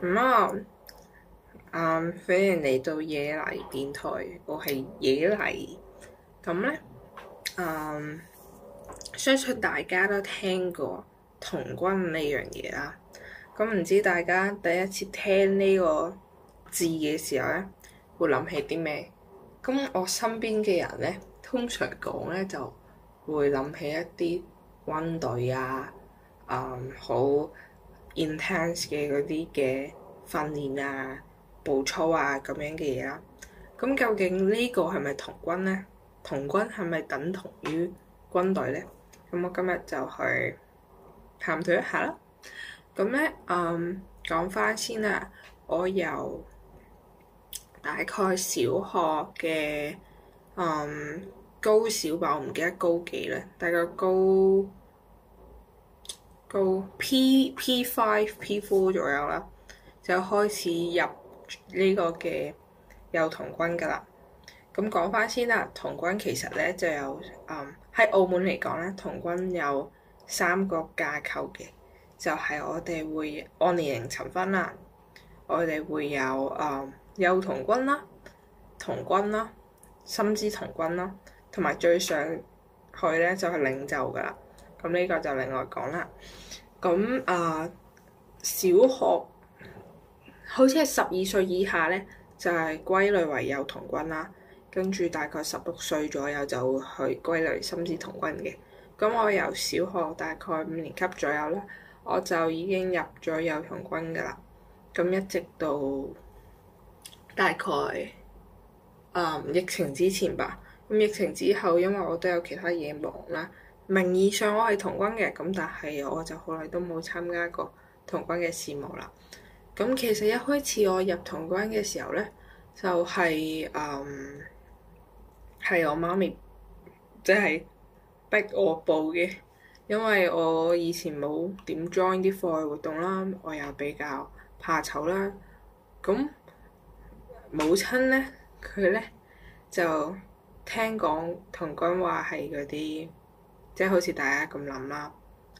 咁啊，啊，歡迎嚟到野黎電台，我係野黎。咁咧，um, 相信大家都聽過童軍呢樣嘢啦。咁、嗯、唔知大家第一次聽呢個字嘅時候咧，會諗起啲咩？咁我身邊嘅人咧，通常講咧就會諗起一啲軍隊啊，啊、嗯、好～Intense 嘅嗰啲嘅訓練啊、步操啊咁樣嘅嘢啦，咁究竟呢個係咪童軍呢？童軍係咪等同於軍隊呢？咁我今日就去探討一下啦。咁呢，嗯，講翻先啦，我由大概小學嘅，嗯，高小吧，我唔記得高幾啦，大概高高 P P five P four 左右啦，就開始入呢個嘅幼童軍㗎喇。咁講返先啦，童軍其實咧，就有嗯，喺澳門嚟講咧，童軍有三個架構嘅，就係、是、我哋會按年齡層分啦。我哋會有嗯幼童軍啦、童軍啦、深資童軍啦，同埋最上去咧就係領袖㗎喇。咁呢個就另外講啦。咁啊、呃，小學好似係十二歲以下呢，就係、是、歸類為幼童軍啦。跟住大概十六歲左右就會去歸類深資童軍嘅。咁我由小學大概五年級左右啦，我就已經入咗幼童軍噶啦。咁一直到大概、嗯、疫情之前吧。咁疫情之後，因為我都有其他嘢忙啦。名義上我係童軍嘅，咁但係我就好耐都冇參加過童軍嘅事務啦。咁其實一開始我入童軍嘅時候呢，就係誒係我媽咪即係逼我報嘅，因為我以前冇點 join 啲課外活動啦，我又比較怕醜啦。咁母親呢，佢呢，就聽講童軍話係嗰啲。即係好似大家咁諗啦，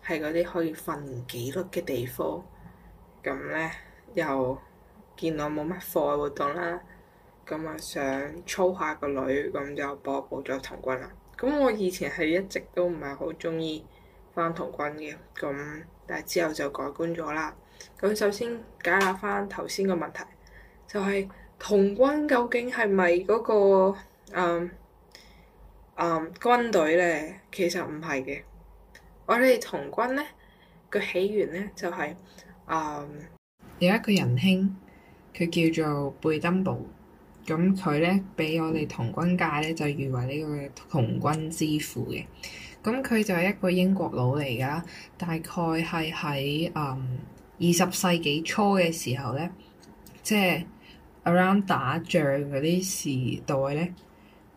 係嗰啲可以訓練紀律嘅地方，咁呢，又見到冇乜課外活動啦，咁啊想操下個女，咁就播報咗童軍啦。咁我以前係一直都唔係好中意翻童軍嘅，咁但係之後就改觀咗啦。咁首先解下翻頭先個問題，就係、是、童軍究竟係咪嗰個、嗯啊，um, 軍隊咧其實唔係嘅，我哋童軍咧個起源咧就係、是、啊、um, 有一個仁兄，佢叫做貝登堡，咁佢咧俾我哋童軍界咧就譽為呢個嘅童軍之父嘅，咁佢就係一個英國佬嚟㗎，大概係喺啊二十世紀初嘅時候咧，即、就、係、是、around 打仗嗰啲時代咧。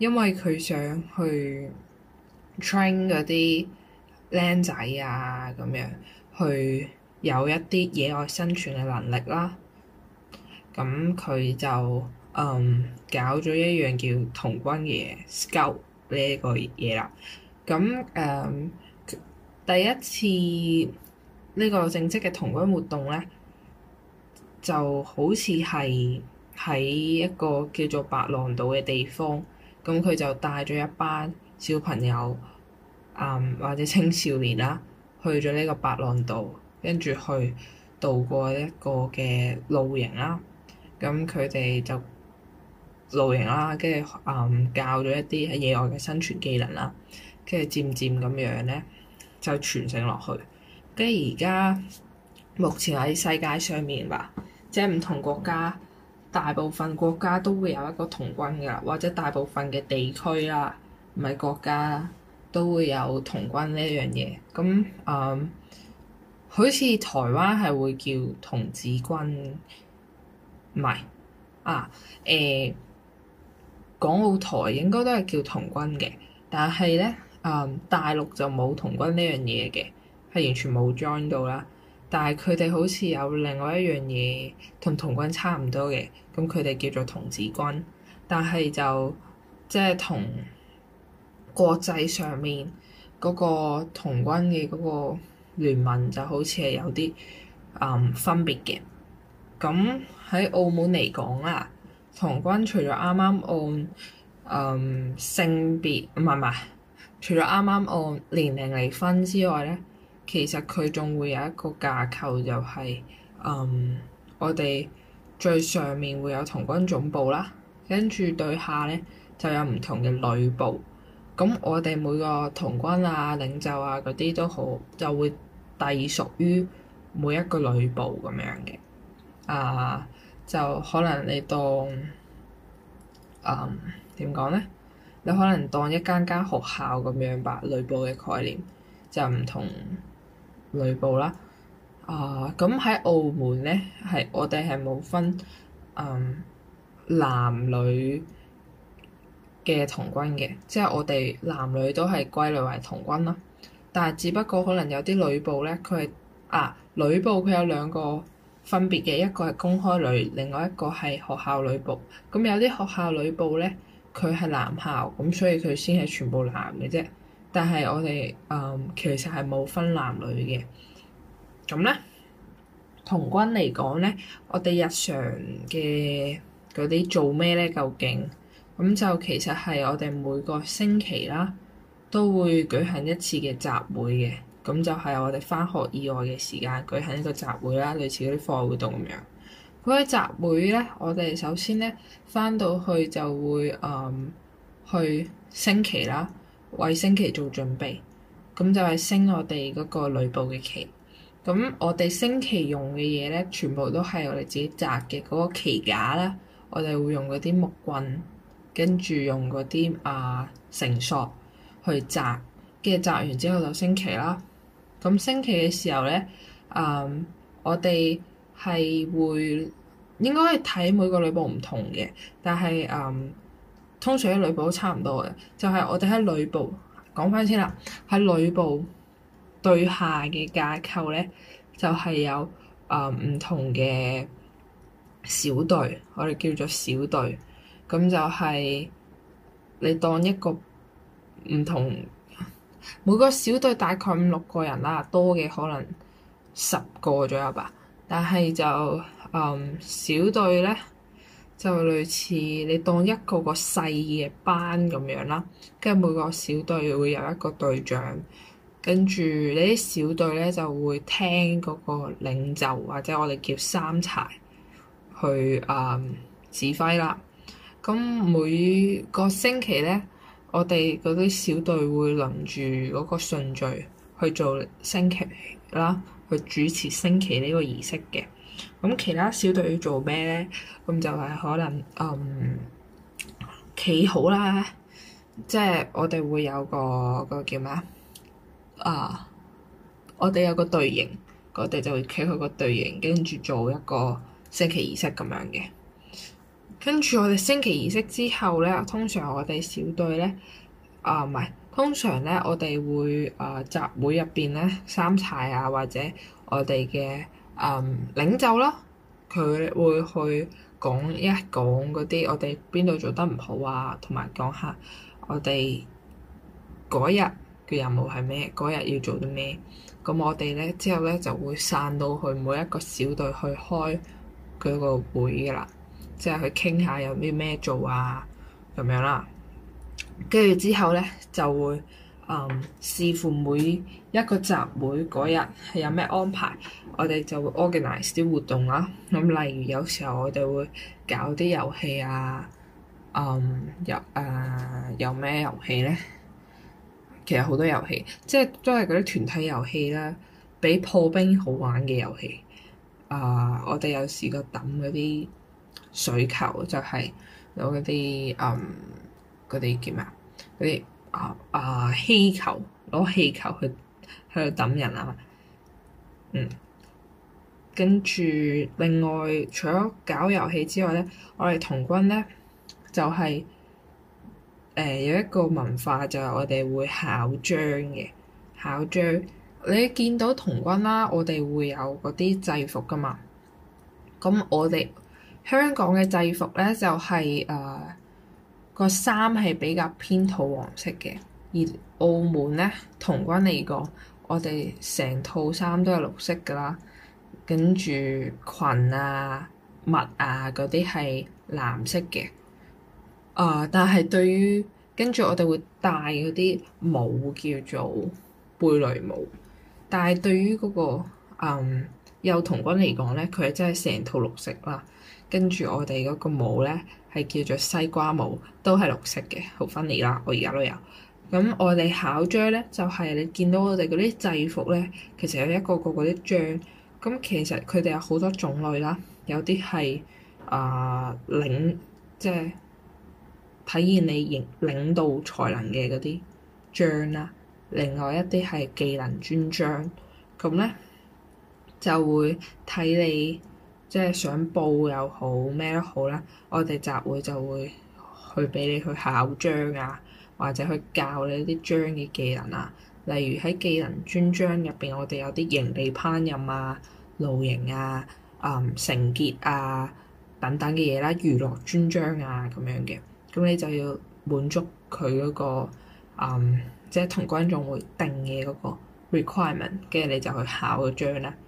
因為佢想去 train 嗰啲靚仔啊，咁樣去有一啲野外生存嘅能力啦。咁佢就嗯搞咗一樣叫童軍嘅嘢，scout 呢個嘢啦。咁誒、嗯、第一次呢個正式嘅童軍活動咧，就好似係喺一個叫做白浪島嘅地方。咁佢就帶咗一班小朋友，嗯或者青少年啦，去咗呢個白浪島，跟住去度過一個嘅露營啦。咁佢哋就露營啦，跟住嗯教咗一啲喺野外嘅生存技能啦。跟住漸漸咁樣咧，就傳承落去。跟住而家目前喺世界上面吧，即係唔同國家。大部分國家都會有一個童軍㗎，或者大部分嘅地區啦，唔係國家啦，都會有童軍呢樣嘢。咁、嗯、啊，好似台灣係會叫童子軍，唔係啊，誒，港澳台應該都係叫童軍嘅，但係咧啊，大陸就冇童軍呢樣嘢嘅，係完全冇 join 到啦。但係佢哋好似有另外一樣嘢同童軍差唔多嘅，咁佢哋叫做童子軍，但係就即係同國際上面嗰個童軍嘅嗰個聯盟就好似係有啲、嗯、分別嘅。咁、嗯、喺澳門嚟講啊，童軍除咗啱啱按性別唔係，唔係，除咗啱啱按年齡嚟分之外咧。其實佢仲會有一個架構，就是，就係嗯，我哋最上面會有童軍總部啦，跟住對下咧就有唔同嘅旅部。咁、嗯、我哋每個童軍啊、領袖啊嗰啲都好就會隸屬於每一個旅部咁樣嘅。啊，就可能你當嗯點講咧？你可能當一間間學校咁樣吧。旅部嘅概念就唔同。女部啦，啊、呃，咁喺澳門咧，係我哋係冇分，嗯，男女嘅童軍嘅，即係我哋男女都係歸類為童軍啦，但係只不過可能有啲女部咧，佢係啊，女部佢有兩個分別嘅，一個係公開女，另外一個係學校女部，咁有啲學校女部咧，佢係男校，咁所以佢先係全部男嘅啫。但係我哋、嗯、其實係冇分男女嘅，咁咧童軍嚟講咧，我哋日常嘅嗰啲做咩咧？究竟咁就其實係我哋每個星期啦，都會舉行一次嘅集會嘅，咁就係我哋返學以外嘅時間舉行一個集會啦，類似嗰啲課外活動咁樣。嗰、那、啲、個、集會咧，我哋首先咧返到去就會、嗯、去升旗啦。為升旗做準備，咁就係升我哋嗰個旅部嘅旗。咁我哋升旗用嘅嘢咧，全部都係我哋自己紮嘅嗰個旗架啦。我哋會用嗰啲木棍，跟住用嗰啲啊繩索去紮，跟住紮完之後就升旗啦。咁升旗嘅時候咧，嗯，我哋係會應該係睇每個旅部唔同嘅，但係嗯。通常喺旅部都差唔多嘅，就係、是、我哋喺旅部講返先啦，喺旅部對下嘅架構咧，就係、是、有誒唔、嗯、同嘅小隊，我哋叫做小隊。咁就係你當一個唔同每個小隊大概五六個人啦，多嘅可能十個左右吧，但係就誒、嗯、小隊咧。就類似你當一個個細嘅班咁樣啦，跟住每個小隊會有一個隊長，跟住你啲小隊咧就會聽嗰個領袖或者我哋叫三柴去、嗯、指揮啦。咁每個星期咧，我哋嗰啲小隊會輪住嗰個順序去做升旗啦，去主持升旗呢個儀式嘅。咁其他小隊要做咩咧？咁就係可能嗯，企好啦，即係我哋會有個個叫咩啊？Uh, 我哋有個隊形，我哋就會企佢個隊形，跟住做一個升旗儀式咁樣嘅。跟住我哋升旗儀式之後咧，通常我哋小隊咧啊，Uh, 唔係通常咧，我哋會啊、uh, 集會入邊咧三齊啊，或者我哋嘅。嗯，um, 領袖咯，佢會去講一講嗰啲我哋邊度做得唔好啊，同埋講下我哋嗰日嘅任務係咩，嗰日要做啲咩。咁我哋呢之後呢，就會散到去每一個小隊去開佢個會噶啦，即係去傾下有啲咩做啊咁樣啦。跟住之後呢，就會。嗯，um, 視乎每一個集會嗰日係有咩安排，我哋就會 organize 啲活動啦。咁、嗯、例如有時候我哋會搞啲遊戲啊，嗯，遊誒有咩、啊、遊戲咧？其實好多遊戲，即係都係嗰啲團體遊戲啦，比破冰好玩嘅遊戲。啊，我哋有試過抌嗰啲水球，就係有嗰啲嗯嗰啲叫咩嗰啲。啊啊氣球，攞氣球去去等人啊！嗯，跟住另外除咗搞遊戲之外咧，我哋童軍咧就係、是、誒、呃、有一個文化就係我哋會考章嘅考章。你見到童軍啦，我哋會有嗰啲制服噶嘛？咁我哋香港嘅制服咧就係、是、誒。呃個衫係比較偏土黃色嘅，而澳門咧，童軍嚟講，我哋成套衫都係綠色㗎啦，跟住裙啊、襪啊嗰啲係藍色嘅。啊、呃！但係對於跟住我哋會戴嗰啲帽叫做貝雷帽，但係對於嗰、嗰個嗯幼童軍嚟講咧，佢係真係成套綠色啦，跟住我哋嗰個帽咧。係叫做西瓜帽，都係綠色嘅，好分離啦。我而家都有。咁我哋考章咧，就係、是、你見到我哋嗰啲制服咧，其實有一個個嗰啲章。咁其實佢哋有好多種類啦，有啲係啊領，即、就、係、是、體現你領領導才能嘅嗰啲章啦。另外一啲係技能專章，咁咧就會睇你。即係想報又好咩都好啦，我哋集會就會去畀你去考章啊，或者去教你啲章嘅技能啊。例如喺技能專章入邊，我哋有啲營地烹飪啊、露營啊、嗯繩結啊等等嘅嘢啦，娛樂專章啊咁樣嘅。咁你就要滿足佢嗰、嗰個嗯，即係同觀眾會定嘅嗰個 requirement，跟住你就去考個章啦、啊。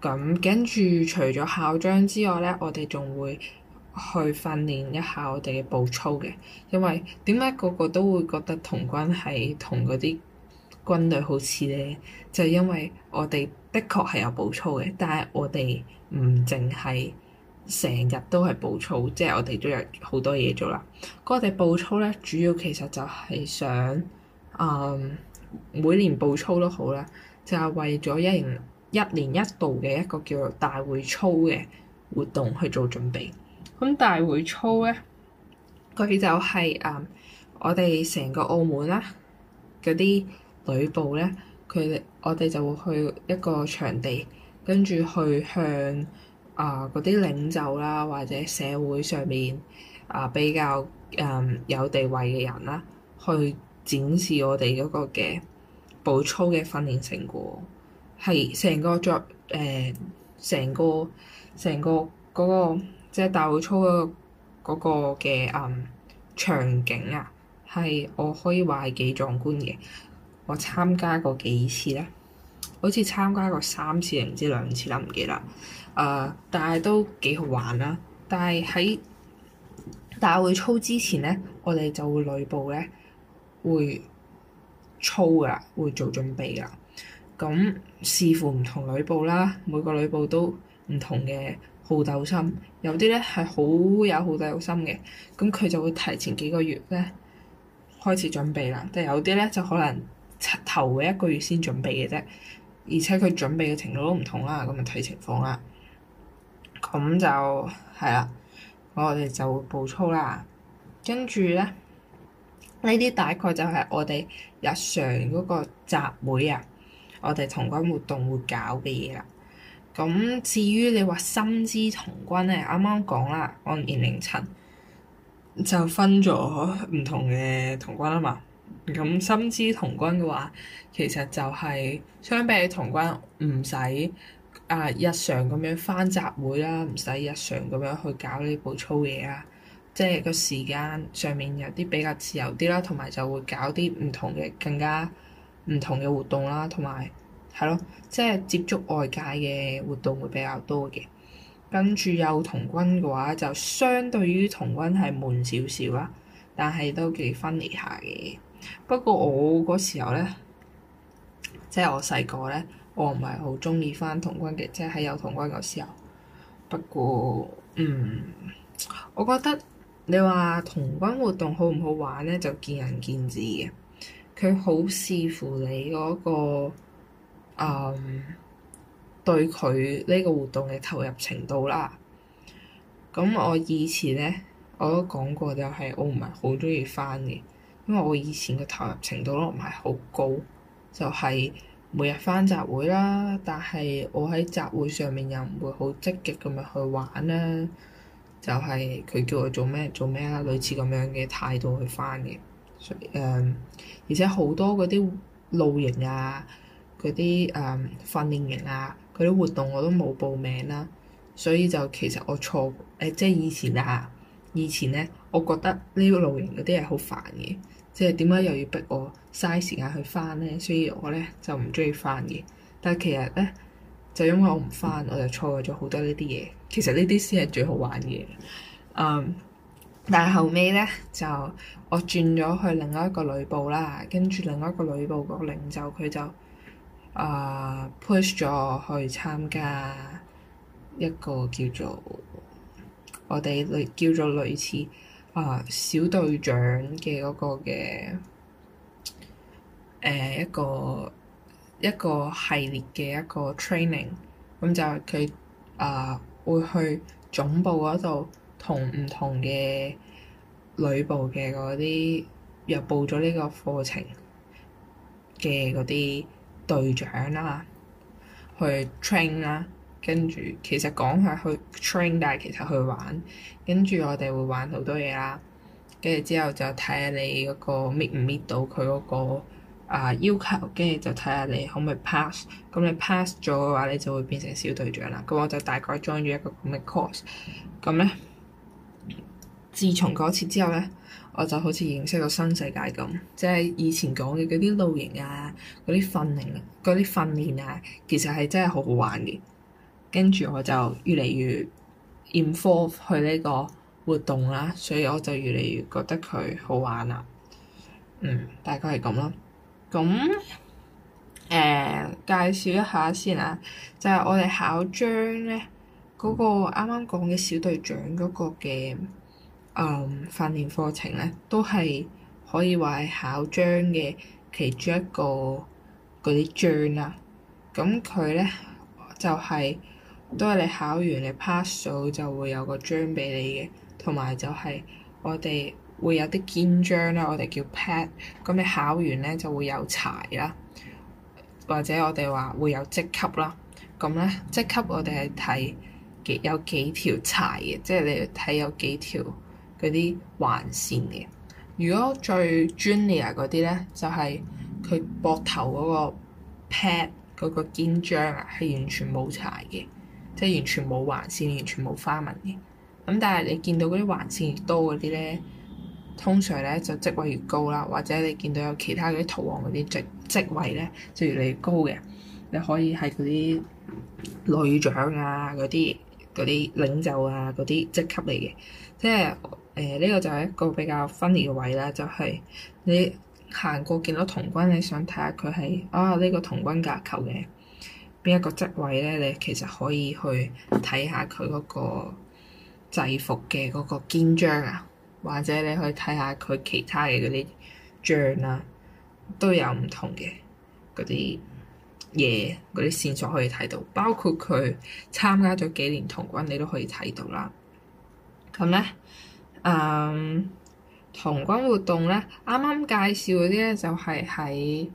咁跟住，除咗校章之外咧，我哋仲會去訓練一下我哋嘅步操嘅。因為點解個個都會覺得童軍係同嗰啲軍隊好似咧？就係因為我哋的確係有步操嘅，但係我哋唔淨係成日都係步操，即係我哋都有好多嘢做啦。我哋步操咧，主要其實就係想，嗯，每年步操都好啦，就係為咗一人。一年一度嘅一個叫做大會操嘅活動去做準備。咁大會操咧，佢就係、是、誒、um, 我哋成個澳門啦，嗰啲旅部咧，佢哋我哋就會去一個場地，跟住去向啊嗰啲領袖啦，或者社會上面啊、呃、比較誒、呃、有地位嘅人啦，去展示我哋嗰個嘅步操嘅訓練成果。係成個作，誒、呃，成個成個嗰、嗰個即係大會操嗰個嗰個嘅嗯場景啊，係我可以話係幾壯觀嘅。我參加過幾次咧，好似參加過三次定唔知兩次啦，唔記得。誒、呃，但係都幾好玩啦。但係喺大會操之前咧，我哋就會內部咧會操噶，會做準備噶。咁視乎唔同旅部啦，每個旅部都唔同嘅好鬥心，有啲咧係好有好鬥心嘅，咁佢就會提前幾個月咧開始準備啦。但有啲咧就可能頭一個月先準備嘅啫，而且佢準備嘅程度都唔同啦，咁就睇情況啦。咁就係啦，我哋就會步操啦，跟住咧呢啲大概就係我哋日常嗰個集會啊。我哋童軍活動會搞嘅嘢啦。咁至於你話深資童軍咧，啱啱講啦，按年齡層就分咗唔同嘅童軍啊嘛。咁深資童軍嘅話，其實就係相比童軍唔使啊日常咁樣返集會啦，唔使日常咁樣去搞呢啲步操嘢啦。即係個時間上面有啲比較自由啲啦，同埋就會搞啲唔同嘅更加。唔同嘅活動啦，同埋係咯，即係接觸外界嘅活動會比較多嘅。跟住有童軍嘅話，就相對於童軍係悶少少啦，但係都幾分離下嘅。不過我嗰時候咧，即係我細個咧，我唔係好鍾意返童軍嘅，即係喺有童軍嗰時候。不過，嗯，我覺得你話童軍活動好唔好玩咧，就見仁見智嘅。佢好視乎你嗰、那個誒、嗯、對佢呢個活動嘅投入程度啦。咁我以前呢，我都講過就係我唔係好鍾意返嘅，因為我以前嘅投入程度都唔係好高，就係、是、每日返集會啦。但係我喺集會上面又唔會好積極咁樣去玩啦，就係、是、佢叫我做咩做咩啦，類似咁樣嘅態度去返嘅。誒，so, um, 而且好多嗰啲露營啊，嗰啲誒訓練營啊，嗰啲活動我都冇報名啦，所以就其實我錯誒、欸，即係以前啊，以前咧，我覺得呢個露營嗰啲係好煩嘅，即係點解又要逼我嘥時間去翻咧？所以我咧就唔中意翻嘅。但係其實咧，就因為我唔翻，我就錯過咗好多呢啲嘢。其實呢啲先係最好玩嘅，誒、um。但後尾咧、嗯、就我轉咗去另外一個旅部啦，跟住另外一個旅部個領袖佢就啊、呃、push 咗我去參加一個叫做我哋類叫做類似啊、呃、小隊長嘅嗰個嘅誒、呃、一個一個系列嘅一個 training，咁、嗯、就佢啊、呃、會去總部嗰度。同唔同嘅旅部嘅嗰啲又報咗呢個課程嘅嗰啲隊長啦，去 train 啦，跟住其實講係去 train，但係其實去玩，跟住我哋會玩好多嘢啦，跟住之後就睇下你嗰個 meet 唔 meet 到佢嗰個啊、呃、要求，跟住就睇下你可唔可以 pass，咁你 pass 咗嘅話，你就會變成小隊長啦。咁我就大概 join 咗一個咁嘅 course，咁咧。自從嗰次之後咧，我就好似認識到新世界咁，即係以前講嘅嗰啲露營啊，嗰啲訓練嗰、啊、啲訓練啊，其實係真係好好玩嘅。跟住我就越嚟越 inform 去呢個活動啦，所以我就越嚟越覺得佢好玩啦。嗯，大概係咁咯。咁誒、呃，介紹一下先啊，就係、是、我哋考章咧嗰個啱啱講嘅小隊長嗰個嘅。誒、um, 訓練課程咧，都係可以話係考章嘅其中一個嗰啲章啦、啊。咁佢咧就係、是、都係你考完你 pass 咗就會有個章俾你嘅，同埋就係我哋會有啲肩章啦、啊，我哋叫 pad、嗯。咁你考完咧就會有柴啦，或者我哋話會有職級啦。咁、嗯、咧職級我哋係睇幾有幾條柴嘅，即係你睇有幾條。嗰啲橫線嘅，如果最 junior 嗰啲咧，就係佢膊頭嗰個 pad 嗰個肩章啊，係、那個、完全冇柴嘅，即係完全冇橫線，完全冇花紋嘅。咁、嗯、但係你見到嗰啲橫線越多嗰啲咧，通常咧就職位越高啦，或者你見到有其他嗰啲圖案嗰啲職職位咧，就越嚟越高嘅。你可以係嗰啲旅長啊，嗰啲嗰啲領袖啊，嗰啲職級嚟嘅。即係誒呢個就係一個比較 funny 嘅位啦，就係、是、你行過見到童軍，你想睇下佢係啊呢、這個童軍架構嘅邊一個職位咧？你其實可以去睇下佢嗰個制服嘅嗰個肩章啊，或者你去睇下佢其他嘅嗰啲章啊，都有唔同嘅嗰啲嘢，嗰啲線索可以睇到，包括佢參加咗幾年童軍，你都可以睇到啦。咁咧，誒，童、um, 軍活動咧，啱啱介紹嗰啲咧，就係喺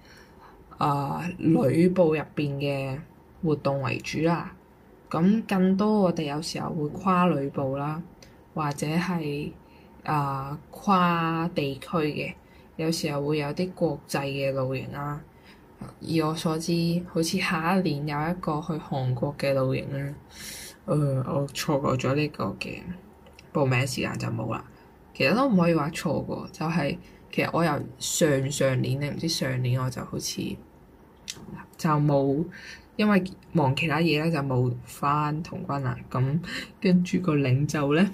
誒旅部入邊嘅活動為主啦。咁更多我哋有時候會跨旅部啦，或者係誒、uh, 跨地區嘅，有時候會有啲國際嘅露營啦。以我所知，好似下一年有一個去韓國嘅露營啦，誒、呃，我錯過咗呢個嘅。報名時間就冇啦，其實都唔可以話錯過。就係、是、其實我由上上年咧，唔知上年我就好似就冇，因為忙其他嘢咧，就冇翻童軍啊。咁跟住個領袖咧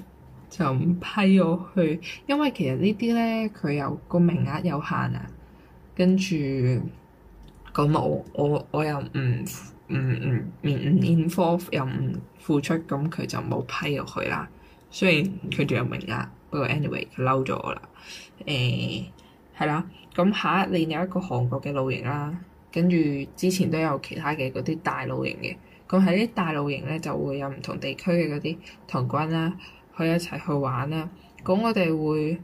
就唔批我去，因為其實呢啲咧佢又個名額有限啊。跟住咁我我我又唔唔唔唔 involv 又唔付出，咁佢就冇批我去啦。雖然佢仲有名額，不過 anyway 佢嬲咗我啦。誒、欸，係啦，咁下一年有一個韓國嘅露營啦，跟住之前都有其他嘅嗰啲大露營嘅。咁喺啲大露營咧就會有唔同地區嘅嗰啲童軍啦，去一齊去玩啦。咁我哋會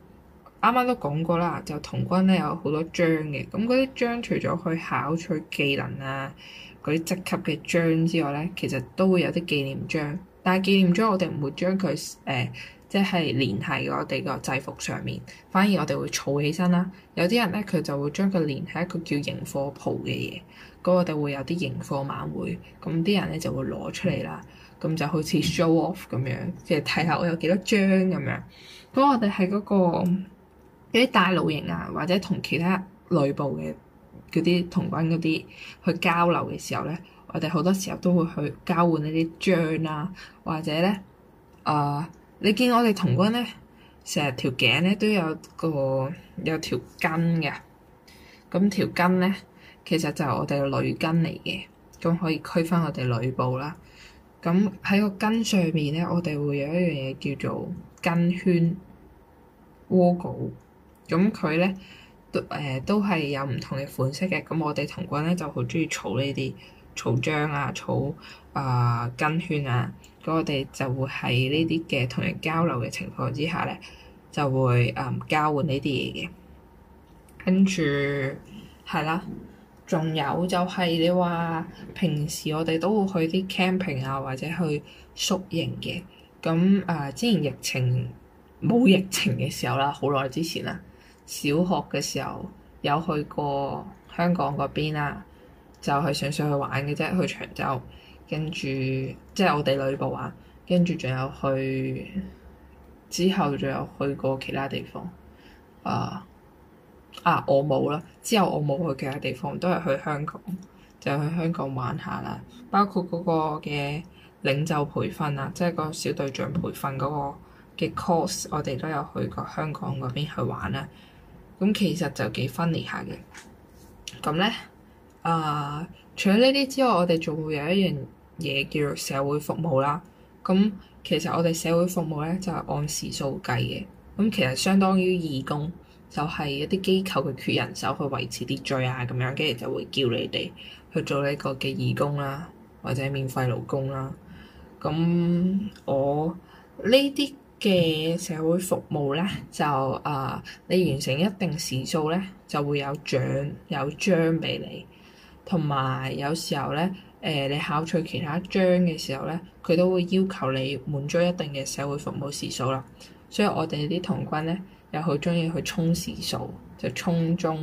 啱啱都講過啦，就童軍咧有好多章嘅。咁嗰啲章除咗去考取技能啊嗰啲職級嘅章之外咧，其實都會有啲紀念章。但係紀念章，呃、我哋唔會將佢誒即係連喺我哋個制服上面，反而我哋會儲起身啦。有啲人咧佢就會將佢連喺一個叫營火袍嘅嘢，嗰、嗰個、我哋會有啲營火晚會，咁啲人咧就會攞出嚟啦，咁就好似 show off 咁樣，即係睇下我有幾多章咁樣。咁我哋喺嗰個嗰啲大露營啊，或者同其他旅部嘅嗰啲童軍嗰啲去交流嘅時候咧。我哋好多時候都會去交換一啲章啊，或者咧，誒、呃，你見我哋童軍咧，成日條頸咧都有個有條巾嘅，咁條巾咧其實就係我哋嘅領巾嚟嘅，咁、嗯、可以區分我哋內部啦。咁、嗯、喺個巾上面咧，我哋會有一樣嘢叫做巾圈，woggle 咁佢咧都誒、呃、都係有唔同嘅款式嘅。咁、嗯、我哋童軍咧就好中意儲呢啲，草章啊，草啊、呃、根圈啊，咁我哋就會喺呢啲嘅同人交流嘅情況之下咧，就會誒、嗯、交換呢啲嘢嘅。跟住係啦，仲有就係、是、你話平時我哋都會去啲 camping 啊，或者去宿營嘅。咁誒、呃，之前疫情冇疫情嘅時候啦，好耐之前啦，小學嘅時候有去過香港嗰邊啦。就係上上去玩嘅啫，去長洲，跟住即係我哋內部旅部玩，跟住仲有去，之後仲有去過其他地方，uh, 啊啊我冇啦，之後我冇去其他地方，都係去香港，就去香港玩下啦。包括嗰個嘅領袖培訓啊，即係個小隊長培訓嗰個嘅 course，我哋都有去過香港嗰邊去玩啦。咁其實就幾 funny 下嘅，咁咧。啊！Uh, 除咗呢啲之外，我哋仲會有一樣嘢叫做社會服務啦。咁、嗯、其實我哋社會服務咧就係、是、按時數計嘅。咁、嗯、其實相當於義工，就係、是、一啲機構嘅缺人手去維持啲序秩序啊咁樣，跟住就會叫你哋去做呢個嘅義工啦，或者免費勞工啦。咁、嗯、我呢啲嘅社會服務咧就啊，uh, 你完成一定時數咧就會有獎有章俾你。同埋有時候咧，誒、呃、你考取其他章嘅時候咧，佢都會要求你滿足一定嘅社會服務時數啦。所以我哋啲童軍咧，又好鍾意去沖時數，就沖鐘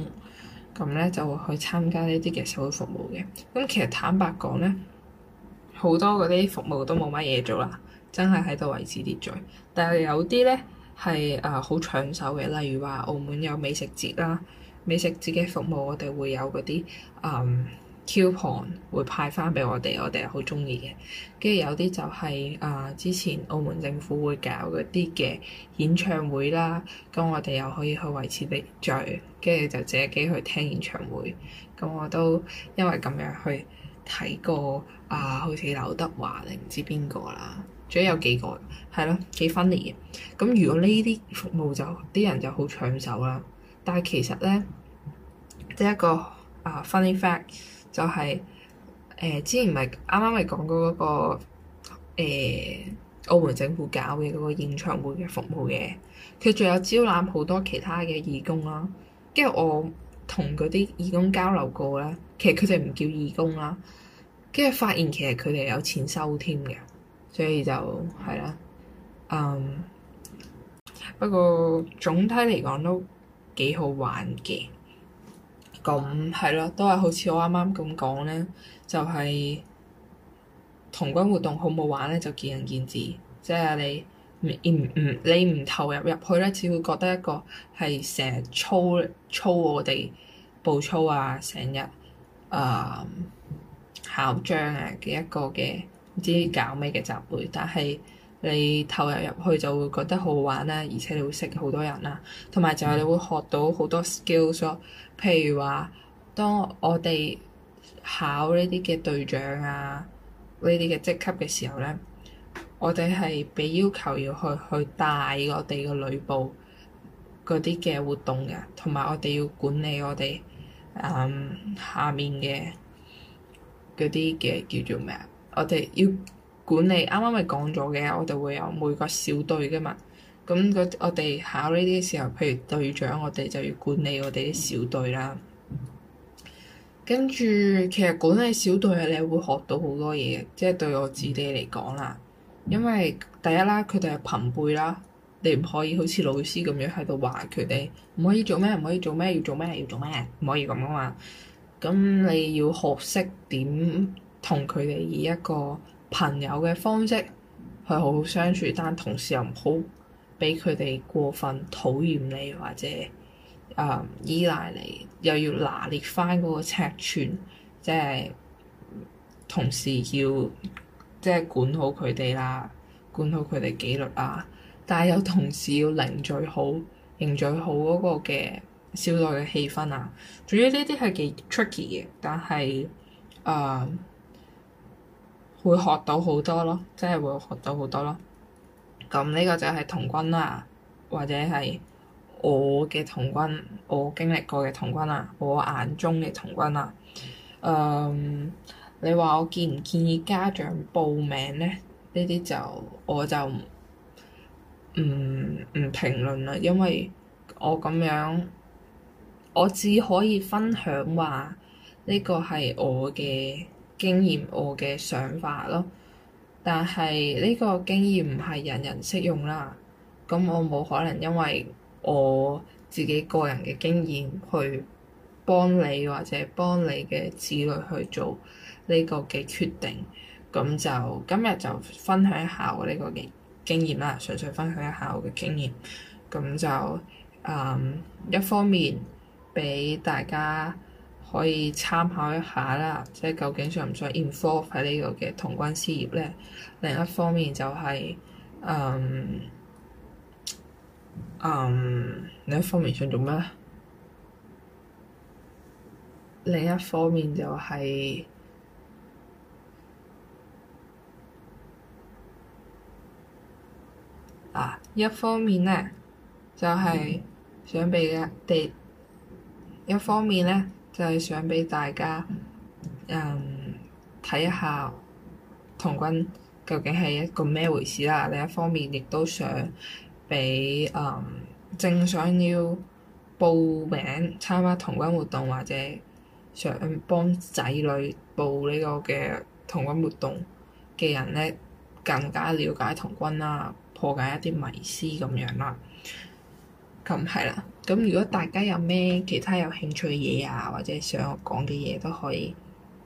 咁咧就會去參加呢啲嘅社會服務嘅。咁、嗯、其實坦白講咧，好多嗰啲服務都冇乜嘢做啦，真係喺度維持秩序。但係有啲咧係啊好搶手嘅，例如話澳門有美食節啦。美食自己服務，我哋會有嗰啲嗯 coupon 會派翻畀我哋，我哋好鍾意嘅。跟住有啲就係、是、啊、呃，之前澳門政府會搞嗰啲嘅演唱會啦，咁我哋又可以去維持秩序，跟住就借機去聽演唱會。咁我都因為咁樣去睇過啊，好似劉德華定唔知邊個啦，總之有幾個，係咯幾 funny 嘅。咁如果呢啲服務就啲人就好搶手啦。但係其實咧，第、這、一個啊、uh, funny fact 就係、是、誒、呃、之前唔係啱啱咪講過嗰個、呃、澳門政府搞嘅嗰個演唱會嘅服務嘅，佢仲有招攬好多其他嘅義工啦。跟住我同嗰啲義工交流過咧，其實佢哋唔叫義工啦。跟住發現其實佢哋有錢收添嘅，所以就係啦。嗯，不過總體嚟講都～幾好玩嘅，咁係咯，都係好似我啱啱咁講咧，就係童軍活動好唔好玩咧，就見仁見智。即係你唔唔你唔投入入去咧，只會覺得一個係成日操操我哋步操啊，成日啊考章啊嘅一個嘅唔知搞咩嘅集會，但係，你投入入去就會覺得好好玩啦，而且你會識好多人啦，同埋就係你會學到好多 skills 咯。譬如話，當我哋考呢啲嘅隊長啊，呢啲嘅職級嘅時候咧，我哋係被要求要去去帶我哋嘅女部嗰啲嘅活動嘅，同埋我哋要管理我哋、嗯、下面嘅嗰啲嘅叫做咩？我哋要。管理啱啱咪講咗嘅，我哋會有每個小隊噶嘛。咁、那、佢、個、我哋考呢啲嘅時候，譬如隊長，我哋就要管理我哋啲小隊啦。跟住，其實管理小隊嘅、啊、你會學到好多嘢，即係對我自己嚟講啦。因為第一啦，佢哋係朋輩啦，你唔可以好似老師咁樣喺度話佢哋唔可以做咩，唔可以做咩，要做咩要做咩，唔可以咁啊嘛。咁你要學識點同佢哋以一個。朋友嘅方式去好好相處，但同時又唔好俾佢哋過分討厭你或者誒、嗯、依賴你，又要拿捏翻嗰個尺寸，即係同時要即係管好佢哋啦，管好佢哋紀律啊，但係又同時要凝聚好、凝聚好嗰個嘅小隊嘅氣氛啊，總之呢啲係幾 tricky 嘅，但係誒。嗯會學到好多咯，真係會學到好多咯。咁、嗯、呢、呢個就係童軍啊，或者係我嘅童軍，我經歷過嘅童軍啊，我眼中嘅童軍啊。嗯，你話我建唔建議家長報名呢？呢啲就我就唔唔評論啦，因為我咁樣我只可以分享話呢、呢個係我嘅。經驗，我嘅想法咯，但係呢個經驗唔係人人適用啦。咁我冇可能因為我自己個人嘅經驗去幫你或者幫你嘅子女去做呢個嘅決定。咁就今日就分享一下我呢個嘅經驗啦，純粹分享一下我嘅經驗。咁就嗯，一方面俾大家，可以參考一下啦，即係究竟想唔想 involve 喺呢個嘅童軍事業咧？另一方面就係、是，嗯嗯，另一方面想做咩？另一方面就係、是、嗱、啊，一方面咧就係、是、想畀嘅地，一方面咧。就係想畀大家，嗯，睇一下童軍究竟係一個咩回事啦。另一方面，亦都想畀嗯正想要報名參加童軍活動或者想幫仔女報呢個嘅童軍活動嘅人呢，更加了解童軍啦，破解一啲迷思咁樣啦。咁，嗯，係啦。咁如果大家有咩其他有興趣嘢啊，或者想講嘅嘢都可以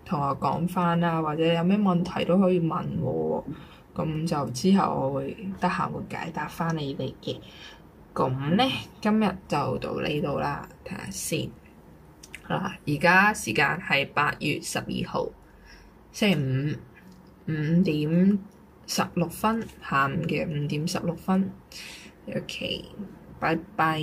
同我講翻啦，或者有咩問題都可以問我啊，咁就之後我會得閒會解答翻你哋嘅。咁咧今日就到呢度啦，睇下先。好啦，而家時間係八月十二號星期五五點十六分，下午嘅五點十六分。OK，拜拜。